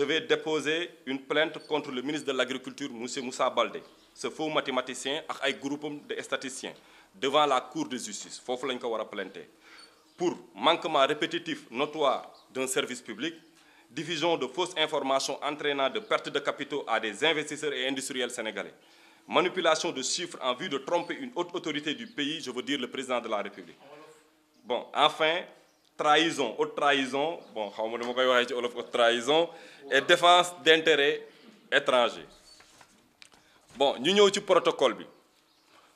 je vais déposer une plainte contre le ministre de l'Agriculture, M. Moussa Baldé, ce faux mathématicien ak ay groupam de statisticiens devant la Cour de justice foofu lañ ko war a plainter pour manquement répétitif notoire d'un service public diffusion de fausses informations entraînant de pertes de capitaux à des investisseurs et industriels sénégalais manipulation de chiffres en vue de tromper une haute autorité du pays je veux dire le président de la trahison haute trahison bon xaw ma dama koy waxee ci olof haute trahison et défense d'intérêts étrangers bon ñu ñëw ci protocole bi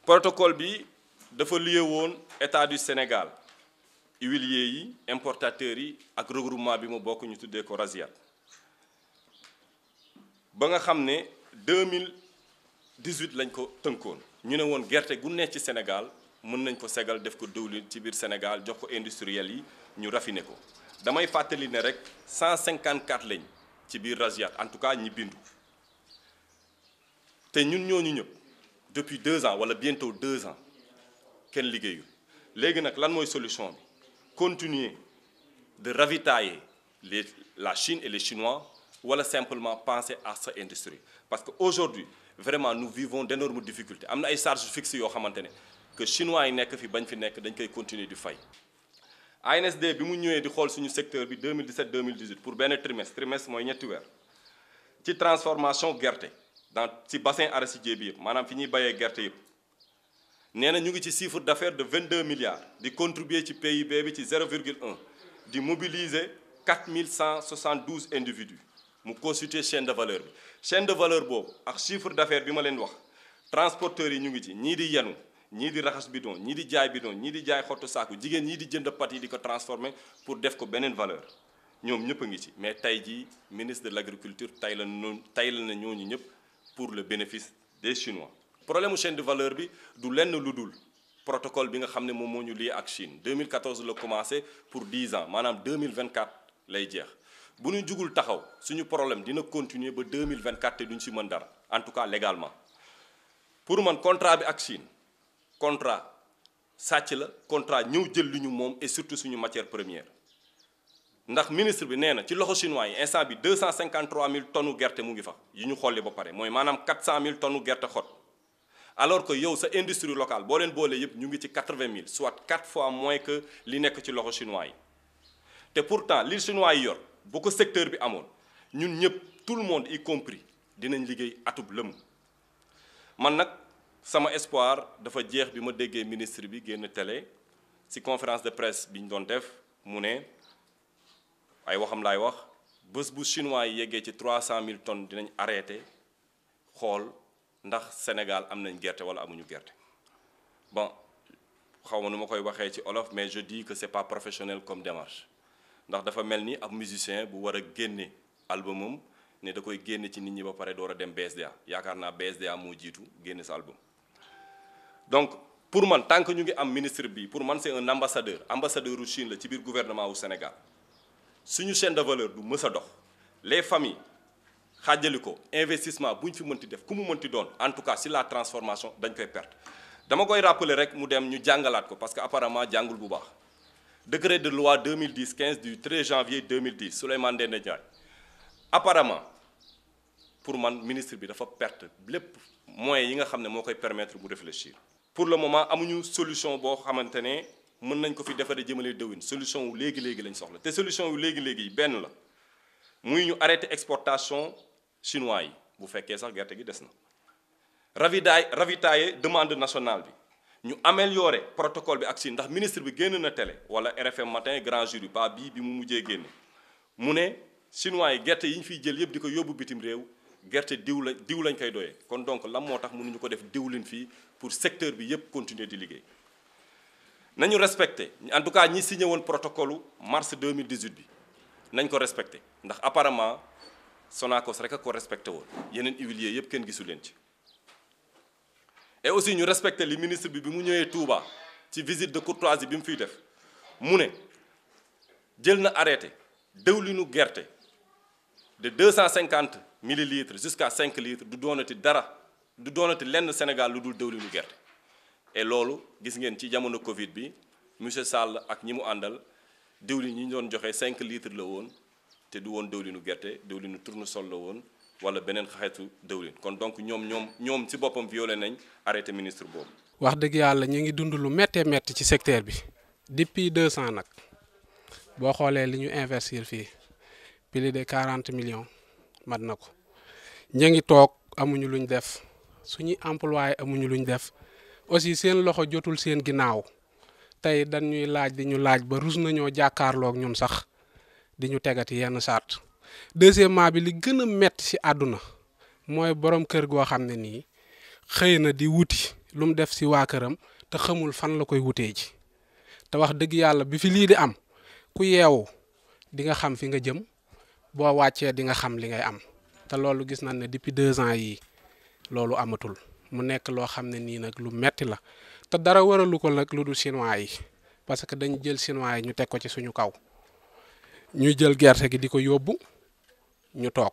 protocole bi dafa lié woon état du Sénégal huiliers yi importateurs yi ak regroupement bi mu bokk ñu tuddee ko RASIAT ba nga xam ne 2018 lañ ko tënkoon ñu ne woon gerte gu ne ci Sénégal mën nañ ko segal def ko diwlin ci biir Sénégal jox ko industriel yi ñu raffiné ko damay fàttali ne rek 154 lañ ci biir Rasiat en tout cas ñi bindu te ñun ñooñu ñëpp depuis deux ans wala bientôt deux ans kenn liggéeyu léegi nag lan mooy solution bi continuer de ravitailler les la Chine et les Chinois wala simplement penser à sa industrie parce que aujourd'hui vraiment nous vivons d'énormes difficultés am na ay charges fixes yoo xamante ne que chinois yi nekk fi bañ fi nekk dañ koy continuer du fay ANSD bi mu ñëwee di xool suñu secteur bi 2017 2018 pour benn trimestre trimestre mooy ñetti weer ci transformation gerte dans ci bassin arachidier bi yëpp maanaam fi ñuy bayee gerte yëpp nee na ñu ngi ci chiffre d'affaires de vingt deux milliards di contribuer ci PIB bi ci 0,1 di mobiliser 4172 individus mu constituer chaîne de valeur bi chaîne de valeur boobu ak chiffre d'affaires bi ma leen wax transporteurs yi ñu ngi ci ñii di yenu ñii di raxas bidon ñii di jaay bidon ñii di jaay xottu saaku jigéen ñii di jënd pat yi di ko transformer pour def ko beneen valeur ñoom ñëpp a ngi ci mais tey jii ministre de l' agriculture tey la noonu tey la na ñooñu ñëpp pour le bénéfice des chinois. problème mu chaîne de valeur bi du lenn lu dul protocole bi nga xam ne moom moo ñu lii ak Chine 2014 la commencé pour 10 ans maanaam 2024 lay jeex bu ñu jugul taxaw suñu problème dina continuer ba 2024 te duñu si mën dara en tout cas légalement pour man contrat bi ak contrat sàcc la contrat ñëw jël li ñu moom et surtout suñu matière première ndax ministre bi nee na ci loxo chinois yi instant bi 253 000 tonnes gerte mu ngi fa yi ñu xolli ba pare mooy maanaam 400 000 tonnes gerte xot alors que yow sa industrie locale boo leen boolee yëpp ñu ngi ci 80 000 soit 4 fois moins que li nekk ci loxo chinois yi te pourtant li chinois yi yor bu ko secteur bi amoon ñun ñëpp tout le monde y compris dinañ liggéey atub lëm man nag sama espoir dafa jeex bi ma déggee ministre bi génn télé ci conférence de presse bi ñu doon def mu ne ay waxam laay wax bés bu chinois yi yeggee ci 300 000 tonnes dinañ arrêté xool ndax Sénégal am nañ gerte wala amuñu gerte bon xaw ma nu ma koy waxee ci olof mais je dis que c'est pas professionnel comme démarche ndax dafa mel ni ab musicien bu war a génne albumam ne da koy génne ci nit ñi ba pare door a dem BSDA yaakaar naa BSDA moo jiitu génne sa album. donc pour man tant ñu ngi am ministre bi pour man c'est un ambassadeur ambassadeur u Chine la ci biir gouvernement wu Sénégal suñu chaîne de valeur du mës a dox les familles xaajali ko investissement bu ñu fi mënti def ku mu mënti doon en tout cas si la transformation dañ koy perte dama koy rappeler rek mu dem ñu jàngalaat ko parce que apparemment jàngul bu baax décret de deux loi 2010 15 du 13 janvier 2010 Souleymane Ndéné Ndiaye apparemment pour man ministre bi dafa perte lépp moyens yi nga xam ne moo koy permettre mu réfléchir pour le moment amuñu solution boo xamante ne mën nañ ko fi defaree jëmalee déwén solution wu léegi-léegi lañ soxla te solution wu léegi-léegi benn la muy ñu arrêté exportation chinois yi bu fekkee sax gerte gi des na ravitaay ravitailler demande nationale bi ñu améliorer protocole bi ak Chine ndax ministre bi génn na télé wala RFM matin grand jury pas bii bi mu mujjee génne mu ne chinois yi gerte yi ñu fiy jël yëpp di ko yóbbu bitim réew gerte diw la diw lañ koy doyee kon donc lan moo tax mënuñu ko def diwlin fii pour secteur bi yépp continuer di liggéey nañu respecté en tout cas ñi signé woon protocole mars 2018 bi nañ ko respecté ndax apparemment Sonacos rek a ko respecté woon yeneen huiliers yépp kenn gisu leen ci aussi ñu respecté li ministre bi bi mu ñëwee Touba ci visite de courtoisie bi mu fiy def mu ne jël na arrêté diwlinu gerte de 250 millilitres jusqu'à 5 litres du doonati dara du doonati lenn Sénégal lu dul dëwlinu gerte et loolu gis ngeen ci jamono Covid bi monsieur Sall ak ñi mu àndal diwlin ñi ñu doon joxe 5 litres la woon te du woon dëwlinu gerte dëwlinu tournesol la woon wala beneen xeetu dëwlin kon donc ñoom ñoom ñoom ci boppam violé nañ arrêté ministre boobu. wax dëgg yàlla ñu ngi dund lu méttee métti ci secteur bi depuis 200 nag boo xoolee li ñu investir fii. plus de quarante million mat na ko ña ngi toog amuñu luñ def suñuy employé amuñu luñ def aussi seen loxo jotul seen ginnaaw tey dañ ñuy laaj di ñu laaj ba rus nañoo jàkkaarlook ñun sax di ñu tegati yenn saat deuxièmement bi li gën a metti ci àdduna mooy borom kër goo xam ne nii xëy na di wuti lu def ci waa këram te xamul fan la koy wutee ji te wax dëgg yàlla bi fi lii di am ku yeewu dinga xam fi nga jëm boo wàccee di nga xam li ngay am te loolu gis nañ ne depuis deux ans yii loolu amatul mu nekk loo xam ne nii nag lu metti la te dara waralu ko nag lu dul chinois yi parce que dañu jël chinois yi ñu teg ko ci suñu kaw ñuy jël gerte gi di ko yóbbu ñu toog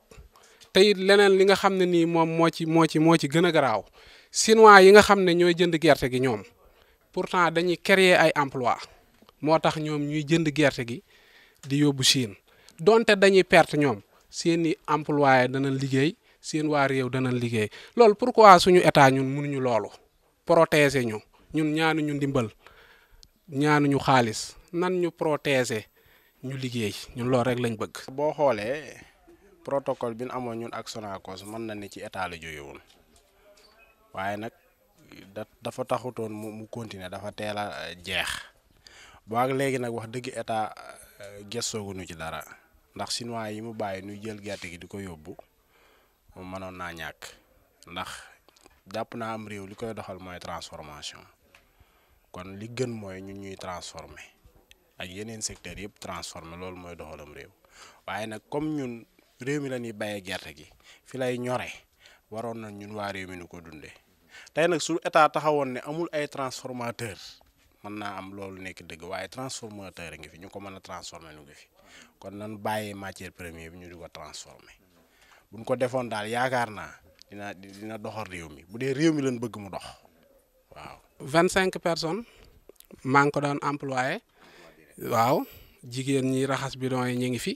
te leneen li nga xam ne nii moom moo ci moo ci moo ci gën a garaaw chinois yi nga xam ne ñooy jënd gerte gi ñoom pourtant dañuy créer ay emploi moo tax ñoom ñuy jënd gerte gi di yóbbu Chine donte dañuy perte ñoom seeni employé dana liggéey seen waa réew danañ liggéey loolu pourquoi suñu état ñun munuñu loolu protéger ñu ñun ñaanu ñu ndimbal ñaanuñu xaalis nan ñu protéger ñu liggéey ñun loolu rek lañ bëgg. boo xoolee protocole bi ñu amoon ñun ak Sonacos mën na ni ci état la jóge woon waaye nag da dafa taxutoon mu mu continuer dafa teel a jeex boo ak léegi nag wax dëgg état euh, gëstooguñu ci dara. ndax chinois yi mu bàyyi ñuy jël gerte gi di ko yóbbu moom mënoon naa ñàkk ndax dàpp naa am réew li koy doxal mooy transformation kon li gën mooy ñun ñuy transformer ak yeneen secteurs yëpp transformer loolu mooy doxalam réew waaye nag comme ñun réew mi la ñuy bàyyee gerte gi fi lay ñore waroon na ñun waa réew mi nu ko dundee tey nag su état taxawoon ne amul ay transformateur mën naa am loolu nekk dëgg waaye transformateur a ngi fi ñu ko mën a transformer ñu fi kon nan bàyyee matière premier bi ñu di ko transformer buñ ko defoon daal yaakaar naa dina dina doxal réew mi bu dee réew mi lañ bëgg mu dox waaw. vingt cinq personnes maa ngi ko doon employé waaw jigéen ñi raxas bidon yi ñu ngi fi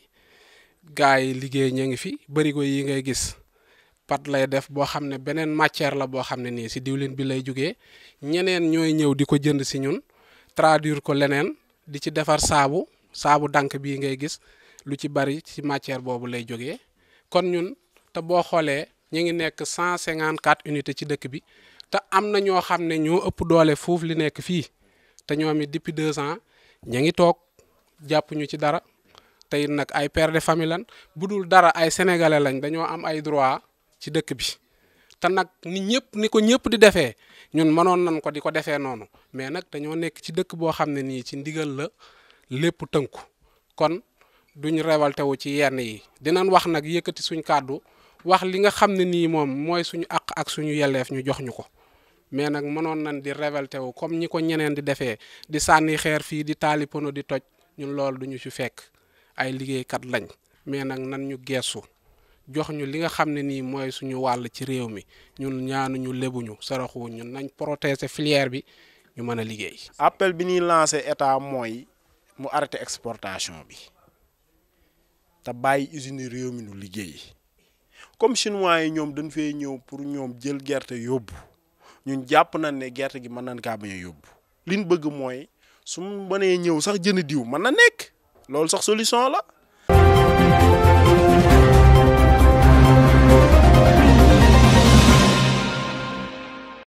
gars yi liggéey ñu ngi fi bërigo yi ngay gis. pat lay def boo xam ne beneen matière la boo xam ne nii si diwlin bi lay jóge ñeneen ñooy ñëw di ko jënd si ñun traduire ko leneen di ci defar saabu saabu dànk bii ngay gis lu ci bari ci matière boobu lay jógee kon ñun te boo xoolee ñu ngi nekk cent 154 unité ci dëkk bi te am na ñoo xam ne ñoo ëpp doole foofu li nekk fii te ñoom it depuis deux ans ña ngi toog jàpp ñu ci dara tey nag ay père de famille lan bu dul dara ay sénégalais lañ dañoo am ay droit ci dëkk bi te nag ni ñëpp ni ko ñëpp di defee ñun mënoon nañ ko di ko defee noonu mais nag dañoo nekk ci dëkk boo xam ne nii ci ndigal la lépp tënku kon duñ révolté wu ci yenn yi dinañ wax nag yëkkati suñ kàddu wax li nga xam ne nii moom mooy suñu àq ak suñu yelleef ñu jox ñu ko mais nag mënoon nañ di révolté wu comme ñi ko ñeneen di defee di sànni xeer fii di taali pono di toj ñun loolu duñu ci fekk ay liggéeykat lañ mais nag nan ñu geesu jox ñu li nga xam ne nii mooy suñu wàll ci réew mi ñun ñaanuñu lebuñu saraxuñu ñun nañ protéger filière bi ñu mën a liggéey. appel bi ñuy lancé état mu arrêté exportation bi te bàyyi usine réew mi nu liggéey comme chinois yi ñoom dañ fee ñëw pour ñoom jël gerte yóbbu ñun jàpp na ne gerte gi mën nañ kaa bañ yóbbu liñ bëgg mooy su mu mënee ñëw sax jënd diw mën na nekk loolu sax solution la.